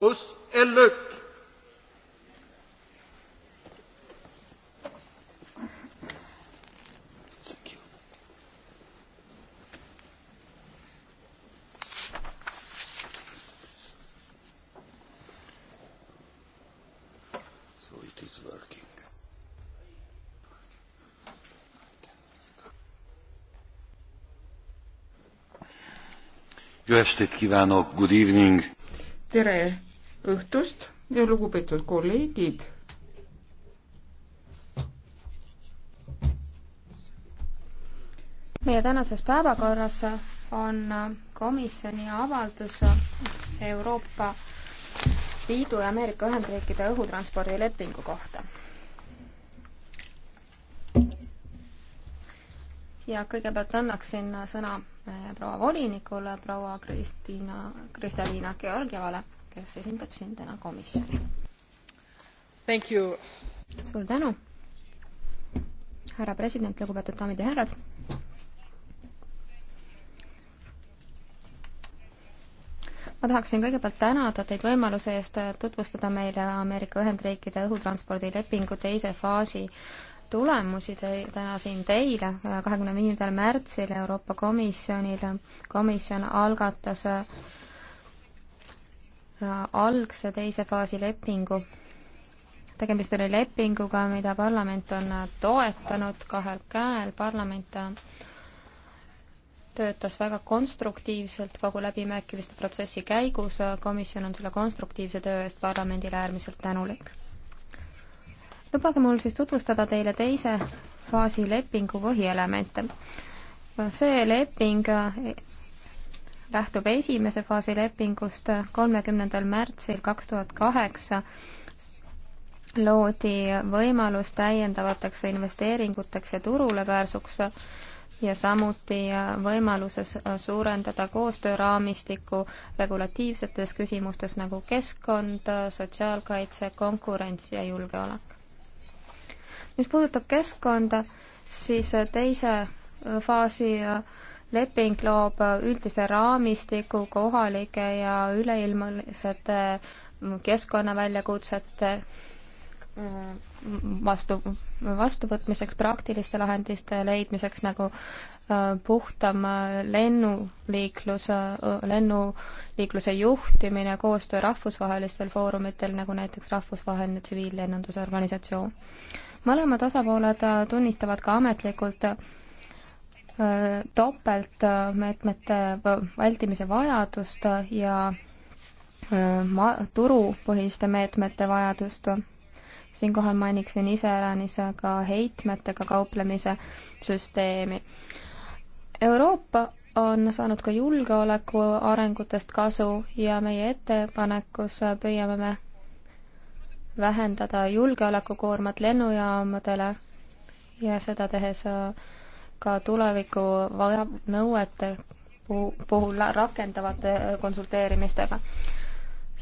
Us Ellük. So it is working. Jó estét kívánok, good evening! tere õhtust ja lugupeetud kolleegid. meie tänases päevakorras on komisjoni avaldus Euroopa Liidu ja Ameerika Ühendriikide õhutranspordilepingu kohta. ja kõigepealt annaksin sõna eh, proua volinikule, proua Kristiina, Kristaliina Georgievale kes esindab siin täna komisjoni. suur tänu, härra president, lugupeetud daamid ja härrad. ma tahaksin kõigepealt tänada teid võimaluse eest tutvustada meile Ameerika Ühendriikide õhutranspordilepingu teise faasi tulemusi te, täna siin teile, kahekümne viiendal märtsil Euroopa Komisjonile, komisjon algatas algse teise faasi lepingu. tegemist oli lepinguga, mida parlament on toetanud kahel käel, parlament töötas väga konstruktiivselt kogu läbimärkimiste protsessi käigus, komisjon on selle konstruktiivse töö eest parlamendile äärmiselt tänulik. lubage mul siis tutvustada teile teise faasi lepingu põhielemente. see leping lähtub esimese faasi lepingust kolmekümnendal märtsil kaks tuhat kaheksa loodi võimalus täiendavateks investeeringuteks ja turulepääsuks ja samuti võimaluses suurendada koostööraamistiku regulatiivsetes küsimustes nagu keskkond, sotsiaalkaitse, konkurents ja julgeolek. mis puudutab keskkonda, siis teise faasi leping loob üldise raamistiku kohalike ja üleilmsete keskkonnaväljakutsete äh, vastu, vastuvõtmiseks, praktiliste lahendiste leidmiseks, nagu äh, puhtam äh, lennuliiklus, lennuliikluse juhtimine, koostöö rahvusvahelistel foorumitel, nagu näiteks Rahvusvaheline Tsiviillennundusorganisatsioon. mõlemad osapooled tunnistavad ka ametlikult Äh, topeltmeetmete äh, vältimise vajadust ja äh, ma-, turupõhiste meetmete vajadust. siinkohal mainiksin iseäranis ka heitmetega kauplemise süsteemi. Euroopa on saanud ka julgeoleku arengutest kasu ja meie ettepanekus püüame me vähendada julgeolekukoormat lennujaamadele ja seda tehes äh, ka tuleviku nõuete puhul rakendavate äh, konsulteerimistega.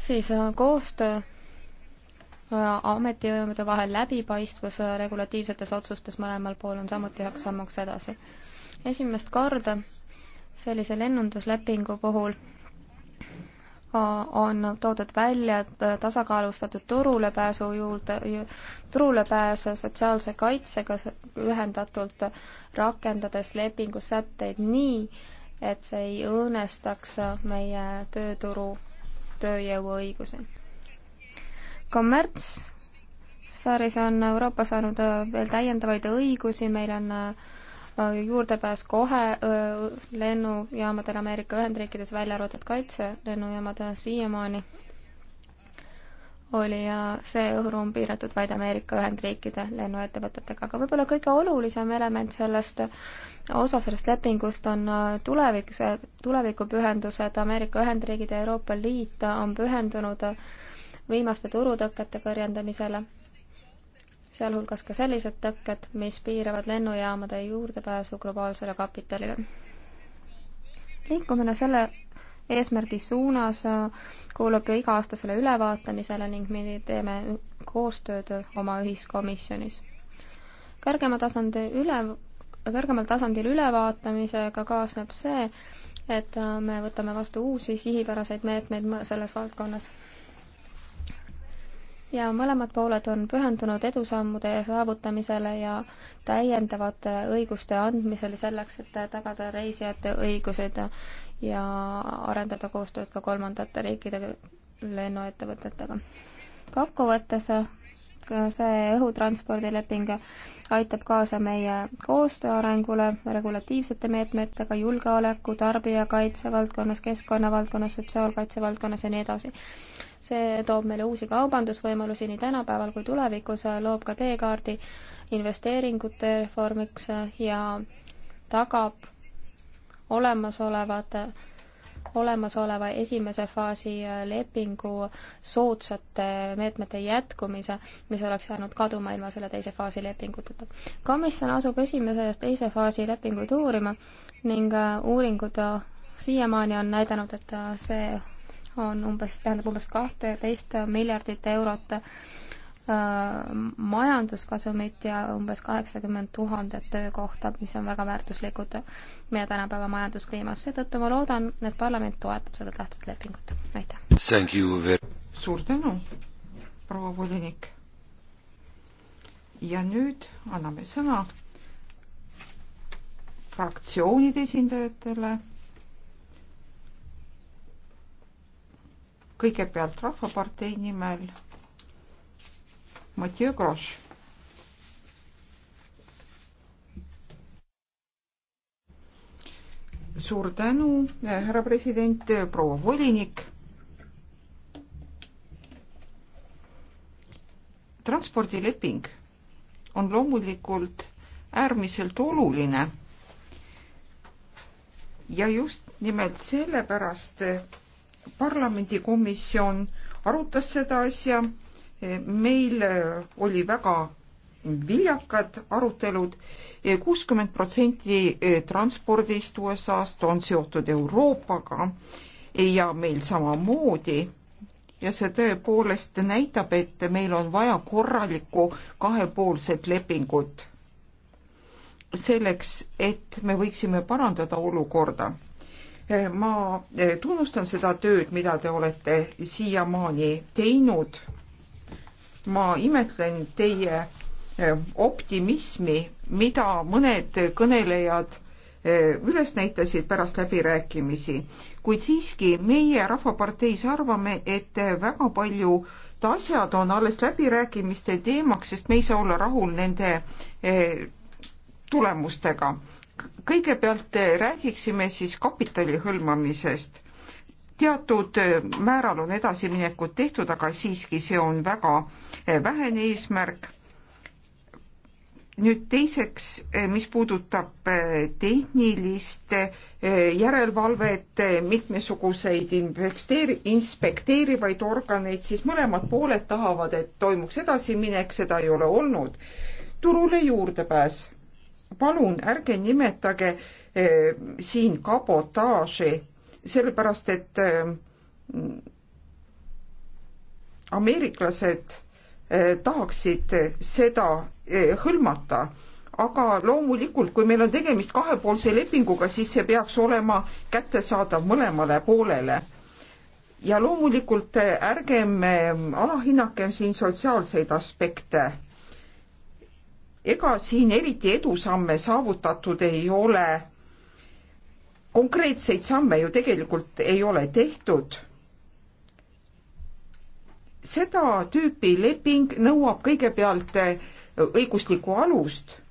siis äh, koostöö äh, ametivõimude vahel läbipaistvus regulatiivsetes otsustes mõlemal pool on samuti üheks sammuks edasi. esimest korda sellise lennunduslepingu puhul on toodud välja tasakaalustatud turulepääsu juurde, turulepääs sotsiaalse kaitsega ühendatult, rakendades lepingu sätteid nii, et see ei õõnestaks meie tööturu tööjõuõigusi. kommertssfääris on Euroopa saanud veel täiendavaid õigusi, meil on äh, Äh, juurdepääs kohe äh, lennujaamadel Ameerika Ühendriikides, välja arvatud kaitselennujaamad, äh, siiamaani oli see õhuruum piiratud vaid Ameerika Ühendriikide lennuettevõtetega, aga võib-olla kõige olulisem element sellest, osa sellest lepingust on tulevik, tulevikupühendused, Ameerika Ühendriigid ja Euroopa Liit on pühendunud viimaste turutõkete kõrjendamisele sealhulgas ka sellised tõkked, mis piiravad lennujaamade juurdepääsu globaalsele kapitalile. liikumine selle eesmärgi suunas äh, kuulub ju iga-aastasele ülevaatamisele ning me teeme koostööd oma ühiskomisjonis. kõrgema tasandi üle, kõrgemal tasandil ülevaatamisega kaasneb see, et äh, me võtame vastu uusi sihipäraseid meetmeid selles valdkonnas ja mõlemad pooled on pühendunud edusammude saavutamisele ja täiendavate õiguste andmisele selleks, et tagada reisijate õigused ja arendada koostööd ka kolmandate riikide lennuettevõtetega. kokkuvõttes see õhutranspordileping aitab kaasa meie koostöö arengule regulatiivsete meetmetega julgeoleku, tarbijakaitse valdkonnas, keskkonna valdkonnas, sotsiaalkaitse valdkonnas ja nii edasi. see toob meile uusi kaubandusvõimalusi nii tänapäeval kui tulevikus, loob ka teekaardi investeeringute reformiks ja tagab olemasolevate olemasoleva esimese faasi äh, lepingu soodsate meetmete jätkumise, mis oleks jäänud kaduma ilma selle teise faasi lepinguteta. komisjon asub esimese ja teise faasi lepinguid uurima ning äh, uuringud äh, siiamaani on näidanud, et see on umbes, tähendab umbes kahteteist miljardit eurot Äh, majanduskasumit ja umbes kaheksakümmend tuhandet töökohta, mis on väga väärtuslikud meie tänapäeva majanduskliimas. seetõttu ma loodan, et parlament toetab seda tähtsat lepingut. aitäh! suur tänu, proua volinik! ja nüüd anname sõna fraktsioonide esindajatele. kõigepealt Rahvapartei nimel Mathieu Grosch. suur tänu, härra president, proua volinik. transpordileping on loomulikult äärmiselt oluline. ja just nimelt sellepärast parlamendikomisjon arutas seda asja meil oli väga viljakad arutelud, kuuskümmend protsenti e, transpordist USA-st on seotud Euroopaga ja meil samamoodi ja see tõepoolest näitab, et meil on vaja korralikku kahepoolset lepingut. selleks, et me võiksime parandada olukorda. E, ma e, tunnustan seda tööd, mida te olete siiamaani teinud ma imetlen teie eh, optimismi, mida mõned kõnelejad eh, üles näitasid pärast läbirääkimisi, kuid siiski meie Rahvaparteis arvame, et eh, väga paljud asjad on alles läbirääkimiste teemaks, sest me ei saa olla rahul nende tulemustega. kõigepealt räägiksime siis kapitali hõlmamisest teatud määral on edasiminekut tehtud, aga siiski see on väga Eh, vähene eesmärk. nüüd teiseks, eh, mis puudutab eh, tehnilist järelevalvet, mitmesuguseid investeeri-, inspekteerivaid organeid, siis mõlemad pooled tahavad, et toimuks edasiminek, seda ei ole olnud. turule juurdepääs palun ärge nimetage eh, siin kabotaaži, sellepärast et eh, ameeriklased Eh, tahaksid seda eh, hõlmata aga loomulikult, kui meil on tegemist kahepoolse lepinguga, siis see peaks olema kättesaadav mõlemale poolele. ja loomulikult eh, ärgem alahinnakem siin sotsiaalseid aspekte. ega siin eriti edusamme saavutatud ei ole. konkreetseid samme ju tegelikult ei ole tehtud seda tüüpi leping nõuab kõigepealt äh, õiguslikku alust.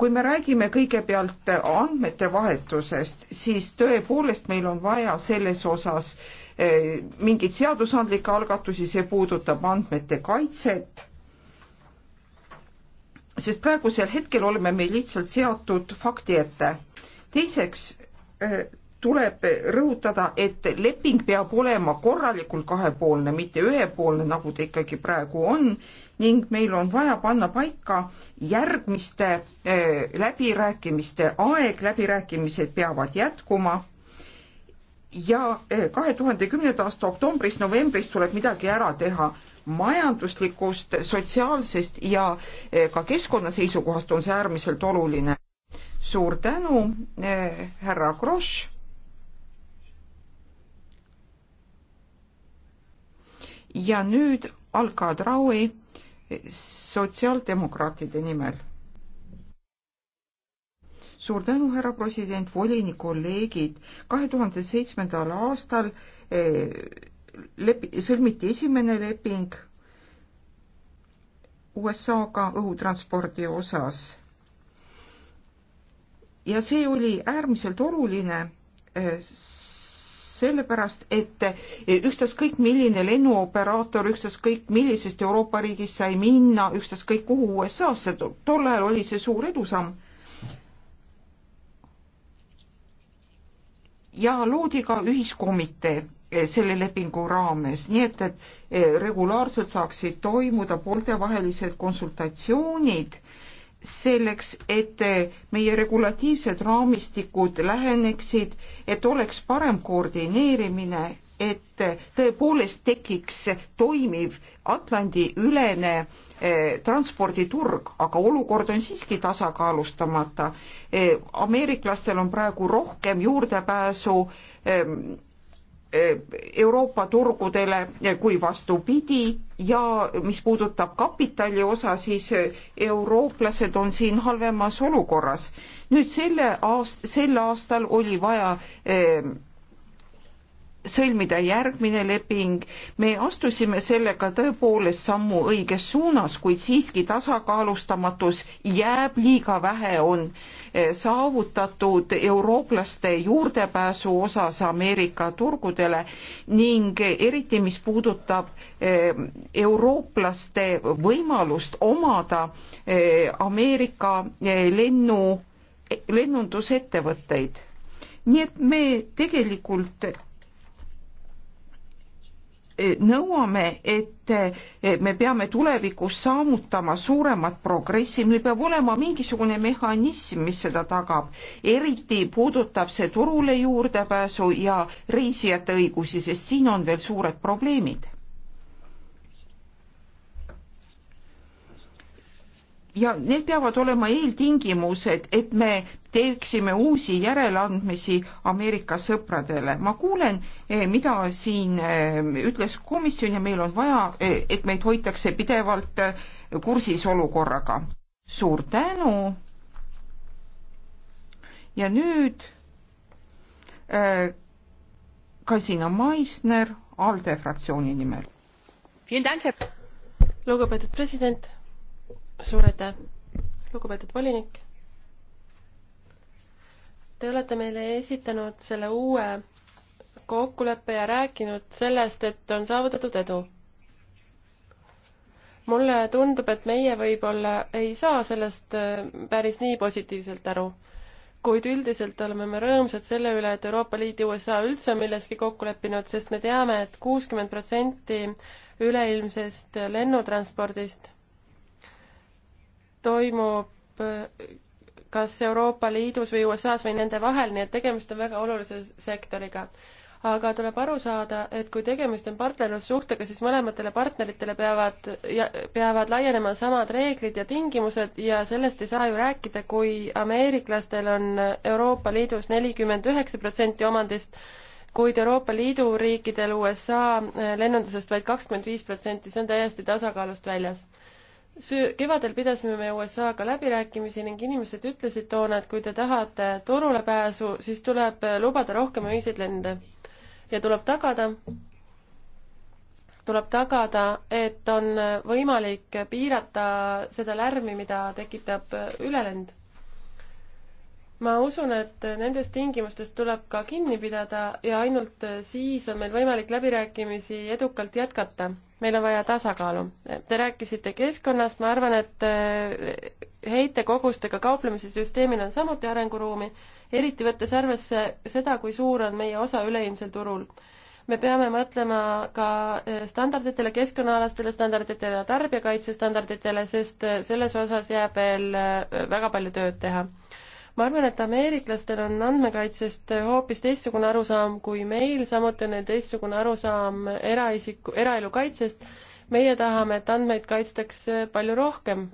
kui me räägime kõigepealt äh, andmete vahetusest, siis tõepoolest meil on vaja selles osas äh, mingeid seadusandlikke algatusi, see puudutab andmete kaitset sest praegusel hetkel oleme me lihtsalt seatud fakti ette. teiseks tuleb rõhutada, et leping peab olema korralikult kahepoolne, mitte ühepoolne, nagu ta ikkagi praegu on ning meil on vaja panna paika järgmiste eh, läbirääkimiste aeg, läbirääkimised peavad jätkuma. ja eh, kahe tuhande kümnenda aasta oktoobris-novembris tuleb midagi ära teha majanduslikust, sotsiaalsest ja eh, ka keskkonna seisukohast on see äärmiselt oluline. suur tänu, härra Kross ja nüüd Alka Traui sotsiaaldemokraatide nimel. suur tänu, härra president, volinik, kolleegid. kahe tuhande seitsmendal aastal eh, lepi-, sõlmiti esimene leping USA-ga õhutranspordi osas. ja see oli äärmiselt oluline eh, sellepärast, et ükstaskõik milline lennuoperaator, ükstaskõik millisest Euroopa riigist sai minna, ükstaskõik kuhu USA-sse, tol ajal oli see suur edusamm. ja loodi ka ühiskomitee eh, selle lepingu raames, nii et, et eh, regulaarselt saaksid toimuda pooltevahelised konsultatsioonid selleks, et meie regulatiivsed raamistikud läheneksid, et oleks parem koordineerimine, et tõepoolest tekiks toimiv Atlandi-ülene eh, transporditurg, aga olukord on siiski tasakaalustamata. Eh, ameeriklastel on praegu rohkem juurdepääsu ehm, Eh, Euroopa turgudele eh, kui vastupidi ja mis puudutab kapitali osa, siis eh, eurooplased on siin halvemas olukorras. nüüd selle aast-, sel aastal oli vaja sõlmida järgmine leping. me astusime sellega tõepoolest sammu õiges suunas, kuid siiski tasakaalustamatus jääb, liiga vähe on eh, saavutatud eurooplaste juurdepääsu osas Ameerika turgudele ning eriti, mis puudutab eh, eurooplaste võimalust omada eh, Ameerika lennu, lennundusettevõtteid. nii et me tegelikult nõuame, et eh, me peame tulevikus saamutama suuremat progressi, meil peab olema mingisugune mehhanism, mis seda tagab. eriti puudutab see turule juurdepääsu ja reisijate õigusi, sest siin on veel suured probleemid ja need peavad olema eeltingimused, et me teeksime uusi järeleandmisi Ameerika sõpradele. ma kuulen, eh, mida siin eh, ütles komisjon ja meil on vaja, eh, et meid hoitakse pidevalt kursis olukorraga. suur tänu. ja nüüd Kasina Maisner ALDE fraktsiooni nimel. lugupeetud president suur aitäh, lugupeetud volinik. Te olete meile esitanud selle uue kokkuleppe ja rääkinud sellest, et on saavutatud edu. mulle tundub, et meie võib-olla ei saa sellest äh, päris nii positiivselt aru, kuid üldiselt oleme me rõõmsad selle üle, et Euroopa Liit ja USA üldse on milleski kokku leppinud, sest me teame et, et kuuskümmend protsenti üleilmsest lennutranspordist toimub kas Euroopa Liidus või USA-s või nende vahel, nii et tegemist on väga olulise sektoriga. aga tuleb aru saada, et kui tegemist on partnerlussuhtega, siis mõlematele partneritele peavad, peavad laienema samad reeglid ja tingimused ja sellest ei saa ju rääkida, kui ameeriklastel on Euroopa Liidus nelikümmend üheksa protsenti omandist, kuid Euroopa Liidu riikidel USA lennundusest vaid kakskümmend viis protsenti, see on täiesti tasakaalust väljas süü-, kevadel pidasime me USA-ga läbirääkimisi ning inimesed ütlesid toona, et kui te tahate turule pääsu, siis tuleb lubada rohkem öiseid lende. ja tuleb tagada, tuleb tagada, et on võimalik piirata seda lärmi, mida tekitab ülelend ma usun, et nendest tingimustest tuleb ka kinni pidada ja ainult siis on meil võimalik läbirääkimisi edukalt jätkata. meil on vaja tasakaalu. Te rääkisite keskkonnast, ma arvan, et eh, heitekogustega kauplemise süsteemil on samuti arenguruumi, eriti võttes arvesse seda, kui suur on meie osa üleilmsel turul me peame mõtlema ka eh, standarditele, keskkonnaalastele standarditele, tarbijakaitsestandarditele, sest eh, selles osas jääb veel väga palju tööd teha ma arvan, et ameeriklastel on andmekaitsest hoopis teistsugune arusaam kui meil, samuti on neil teistsugune arusaam eraisiku, eraelu kaitsest. meie tahame, et andmeid kaitstaks palju rohkem.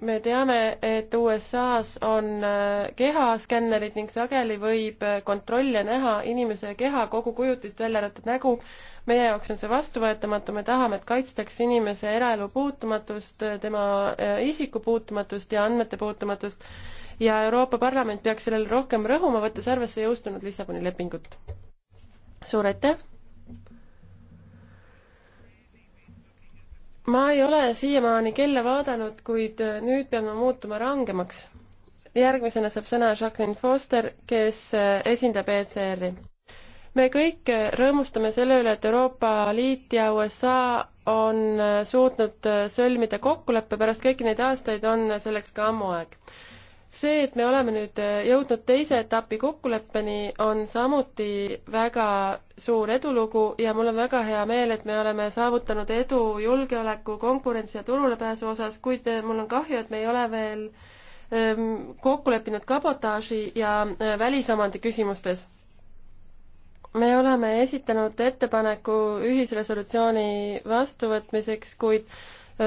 me teame, et USA-s on äh, kehaskännerid ning sageli võib äh, kontrolle näha inimese keha kogu kujutist, välja arvatud nägu. meie jaoks on see vastuvõetamatu, me tahame, et kaitstaks inimese eraelu puutumatust, äh, tema isiku puutumatust ja andmete puutumatust ja Euroopa Parlament peaks sellele rohkem rõhuma, võttes arvesse jõustunud Lissaboni lepingut. suur aitäh! ma ei ole siiamaani kella vaadanud, kuid nüüd pean ma muutuma rangemaks. järgmisena saab sõna Jacqueline Foster, kes esindab ECR-i. me kõik rõõmustame selle üle, et Euroopa Liit ja USA on suutnud sõlmida kokkuleppe, pärast kõiki neid aastaid on selleks ka ammu aeg see, et me oleme nüüd äh, jõudnud teise etapi kokkuleppeni, on samuti väga suur edulugu ja mul on väga hea meel, et me oleme saavutanud edu julgeoleku, konkurentsi ja turulepääsu osas, kuid äh, mul on kahju, et me ei ole veel ähm, kokku leppinud kabotaaži ja äh, välisomandi küsimustes me oleme esitanud ettepaneku ühisresolutsiooni vastuvõtmiseks, kuid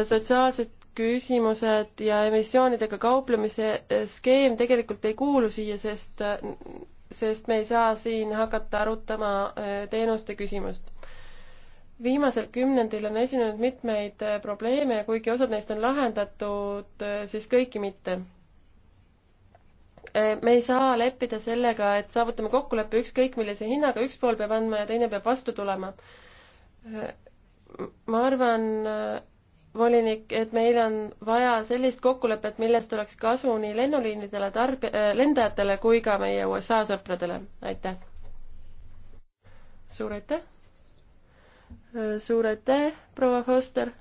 sotsiaalsed küsimused ja emissioonidega kauplemise skeem tegelikult ei kuulu siia, sest, sest me ei saa siin hakata arutama äh, teenuste küsimust. viimasel kümnendil on esinenud mitmeid äh, probleeme ja kuigi osad neist on lahendatud, äh, siis kõiki mitte. me ei saa leppida sellega, et saavutame kokkuleppe ükskõik millise hinnaga, üks pool peab andma ja teine peab vastu tulema ma arvan, volinik, et meil on vaja sellist kokkulepet, millest oleks kasu nii lennuliinidele, tarb-, äh, lendajatele kui ka meie USA sõpradele. aitäh! suur aitäh! Äh, suur aitäh, proua Foster!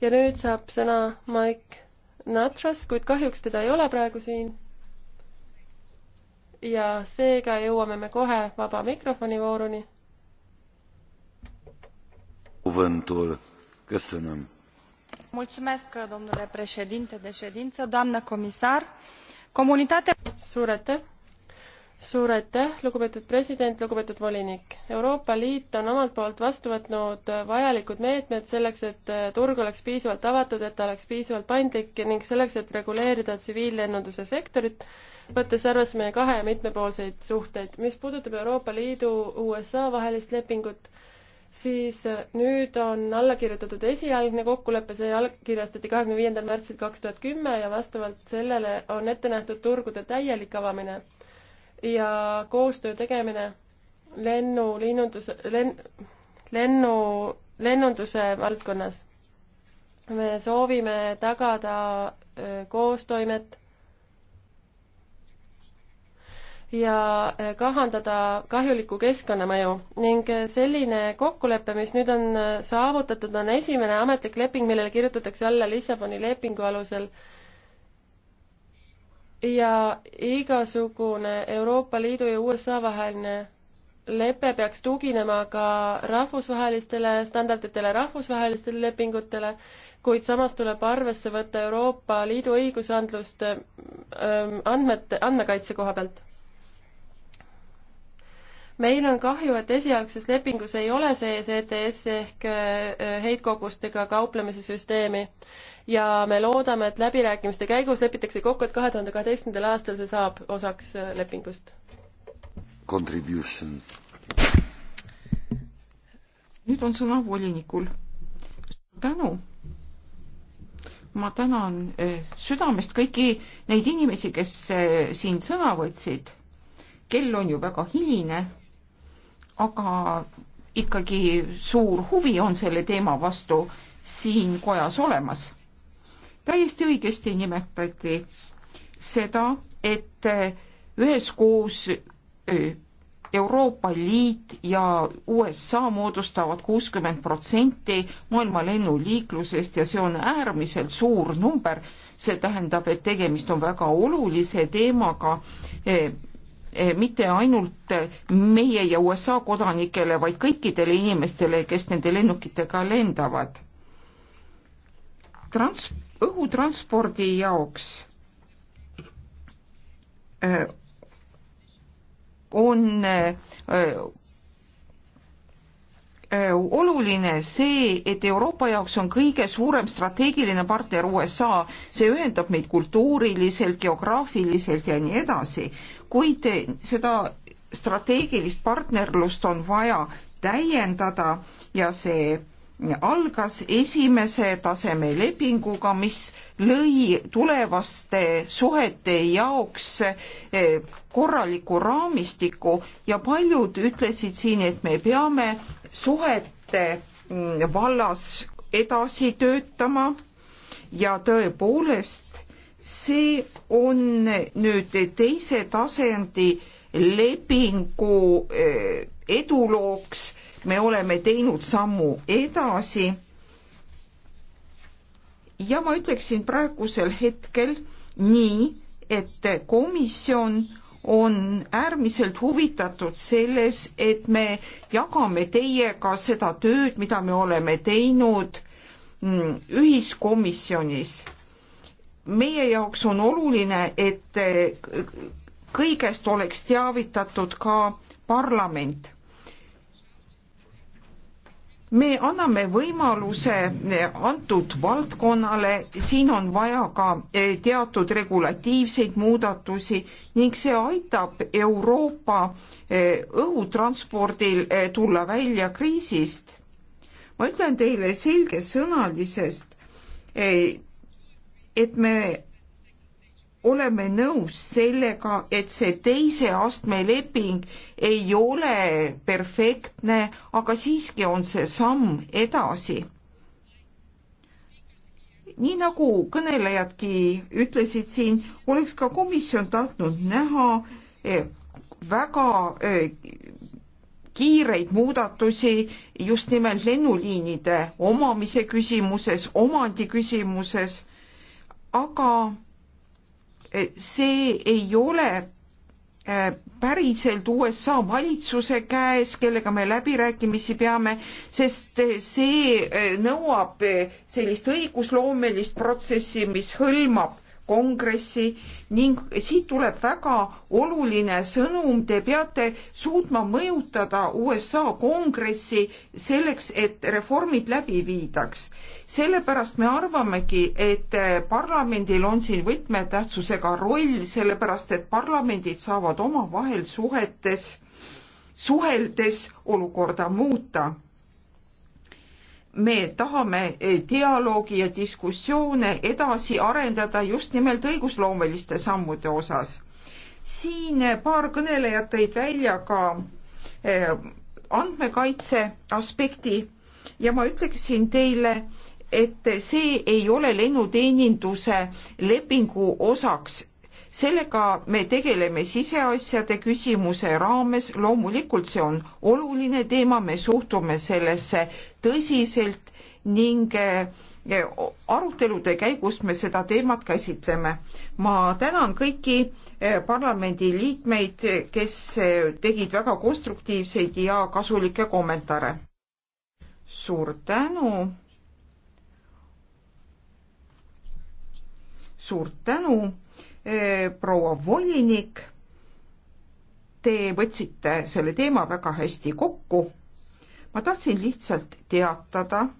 ja nüüd saab sõna Mike Natras, kuid kahjuks teda ei ole praegu siin. ja seega jõuame me kohe vaba mikrofoni vooruni cuvântul. Köszönöm. Mulțumesc, domnule președinte de ședință, doamnă comisar. Comunitatea... Suur aitäh! suur aitäh, lugupeetud president, lugupeetud volinik! Euroopa Liit on omalt poolt vastu võtnud vajalikud meetmed selleks, et turg oleks piisavalt avatud, et ta oleks piisavalt paindlik ning selleks, et reguleerida tsiviillennunduse sektorit, võttes arvesse meie kahe- ja mitmepoolseid suhteid. mis puudutab Euroopa Liidu USA vahelist lepingut, siis äh, nüüd on alla kirjutatud esialgne kokkulepe, see allkirjastati kahekümne viiendal märtsil kaks tuhat kümme ja vastavalt sellele on ette nähtud turgude täielik avamine ja koostöö tegemine lennu, liinundus, lenn, lennu, lennunduse valdkonnas. me soovime tagada äh, koostoimet ja äh, kahandada kahjulikku keskkonnamõju ning äh, selline kokkulepe, mis nüüd on äh, saavutatud, on esimene ametlik leping, millele kirjutatakse alla Lissaboni lepingu alusel. ja igasugune Euroopa Liidu ja USA vaheline lepe peaks tuginema ka rahvusvahelistele standarditele, rahvusvahelistele lepingutele, kuid samas tuleb arvesse võtta Euroopa Liidu õigusandlust ähm, andmete, andmekaitse koha pealt meil on kahju, et esialgses lepingus ei ole sees ETS ehk äh, äh, heitkogustega kauplemise süsteemi ja me loodame, et läbirääkimiste käigus lepitakse kokku, et kahe tuhande kaheteistkümnendal aastal see saab osaks äh, lepingust. Contributions. nüüd on sõna volinikul. tänu ma tänan südamest kõiki neid inimesi, kes siin sõna võtsid. kell on ju väga hiline aga ikkagi suur huvi on selle teema vastu siin kojas olemas. täiesti õigesti nimetati seda, et eh, üheskoos eh, Euroopa Liit ja USA moodustavad kuuskümmend protsenti maailma lennuliiklusest ja see on äärmiselt suur number. see tähendab, et tegemist on väga olulise teemaga eh, Eh, mitte ainult eh, meie ja USA kodanikele, vaid kõikidele inimestele, kes nende lennukitega lendavad. Trans-, õhutranspordi jaoks eh, on Äh, oluline see, et Euroopa jaoks on kõige suurem strateegiline partner USA, see ühendab meid kultuuriliselt, geograafiliselt ja nii edasi, kuid äh, seda strateegilist partnerlust on vaja täiendada ja see algas esimese taseme lepinguga, mis lõi tulevaste suhete jaoks äh, korraliku raamistiku ja paljud ütlesid siin, et me peame suhete mm, vallas edasi töötama ja tõepoolest, see on nüüd teise tasandi lepingu eh, edulooks, me oleme teinud sammu edasi. ja ma ütleksin praegusel hetkel nii, et komisjon on äärmiselt huvitatud selles, et me jagame teiega seda tööd, mida me oleme teinud mm, ühiskomisjonis. meie jaoks on oluline, et eh, kõigest oleks teavitatud ka parlament me anname võimaluse antud valdkonnale, siin on vaja ka eh, teatud regulatiivseid muudatusi ning see aitab Euroopa eh, õhutranspordil eh, tulla välja kriisist. ma ütlen teile selgesõnalisest, et me oleme nõus sellega, et see teise astme leping ei ole perfektne, aga siiski on see samm edasi. nii nagu kõnelejadki ütlesid siin, oleks ka komisjon tahtnud näha eh, väga eh, kiireid muudatusi just nimelt lennuliinide omamise küsimuses, omandi küsimuses, aga see ei ole äh, päriselt USA valitsuse käes, kellega me läbirääkimisi peame, sest see äh, nõuab äh, sellist õigusloomelist protsessi, mis hõlmab kongressi ning siit tuleb väga oluline sõnum, te peate suutma mõjutada USA kongressi selleks, et reformid läbi viidaks. sellepärast me arvamegi, et parlamendil on siin võtmetähtsusega roll, sellepärast et parlamendid saavad omavahel suhetes, suheldes olukorda muuta me tahame eh, dialoogi ja diskussioone edasi arendada just nimelt õigusloomeliste sammude osas. siin eh, paar kõnelejat tõid välja ka eh, andmekaitse aspekti ja ma ütleksin teile, et see ei ole lennuteeninduse lepingu osaks, sellega me tegeleme siseasjade küsimuse raames, loomulikult see on oluline teema, me suhtume sellesse tõsiselt ning eh, arutelude käigus me seda teemat käsitleme. ma tänan kõiki eh, parlamendiliikmeid, kes eh, tegid väga konstruktiivseid ja kasulikke kommentaare. suur tänu. suur tänu Äh, proua volinik, te võtsite selle teema väga hästi kokku. ma tahtsin lihtsalt teatada,